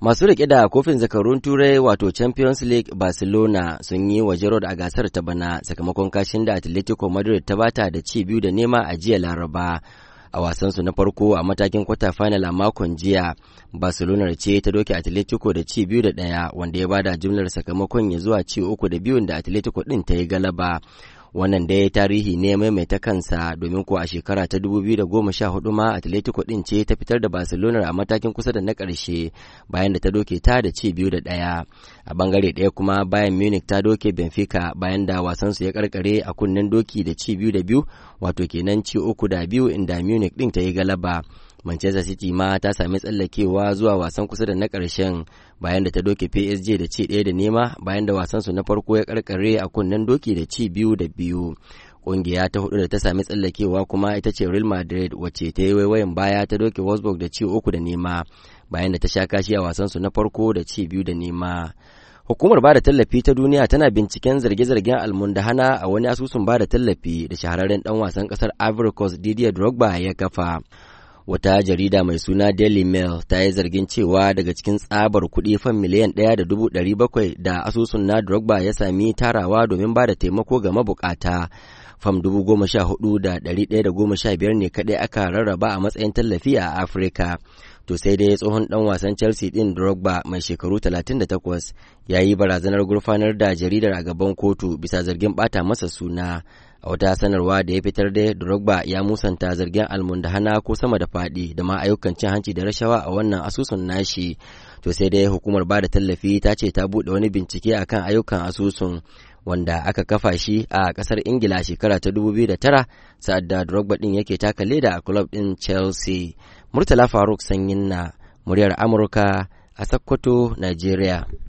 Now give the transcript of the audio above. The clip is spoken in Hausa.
Masu riƙe da kofin zakarun Turai wato Champions League Barcelona sun yi wa Gerard a gasar ta bana sakamakon kashin da Atletico Madrid ta bata da ci biyu da nema a jiya Laraba. A wasansu na farko a matakin kwata final a makon jiya, Barcelona ce ta doke Atletico da ci biyu da ɗaya wanda ya bada jimlar sakamakon ya zuwa ci uku da biyun da Atletico ɗin ta yi galaba. wannan dai tarihi ne maimaita kansa domin kuwa a shekara ta 2014 ma atletico din ce ta fitar da barcelona a matakin kusa da na karshe bayan da ta doke ta da ci biyu da ɗaya a bangare ɗaya kuma bayan munich ta doke benfica bayan da wasansu ya karkare a kunnen doki da ci biyu da biyu wato kenan ci uku da biyu inda munich din ta yi galaba manchester city ma ta sami tsallakewa zuwa wasan kusa da na karshen bayan da ta doke psg da ci ɗaya da nema bayan da wasan su na farko ya karkare a kunnen doki da ci biyu da biyu kungiya ta hudu da ta sami tsallakewa kuma ita ce real madrid wacce ta yi waiwayin baya ta doke wolfsburg da ci uku da nema bayan da ta sha kashi a wasan su na farko da ci biyu da nema Hukumar bada tallafi ta duniya tana binciken zarge-zargen almundahana a wani asusun bada tallafi da shahararren dan wasan kasar Ivory Coast Didier Drogba ya kafa. wata jarida mai suna Daily Mail ta yi zargin cewa daga cikin tsabar kuɗi fan miliyan ɗaya da dubu ɗari bakwai da asusun na Drogba ya sami tarawa domin ba da taimako ga mabukata. Fam dubu goma sha hudu da ɗari ɗaya da goma sha biyar ne kaɗai aka rarraba a matsayin tallafi a Afirka. To sai dai tsohon ɗan wasan Chelsea ɗin Drogba mai shekaru talatin 38 ya yi barazanar gurfanar da jaridar a gaban kotu bisa zargin ɓata masa suna. a wata sanarwa da ya fitar da drogba ya musanta zargin almundahana ko sama da faɗi da ma ayyukan cin hanci da rashawa a wannan asusun nashi to sai dai hukumar ba da tallafi ta ce ta buɗe wani bincike akan ayyukan asusun wanda aka kafa shi a ƙasar ingila shekara ta 2009 sa'ad da drogba ɗin yake taka leda a club ɗin chelsea murtala faruk sanyin na muryar amurka a sakkwato nigeria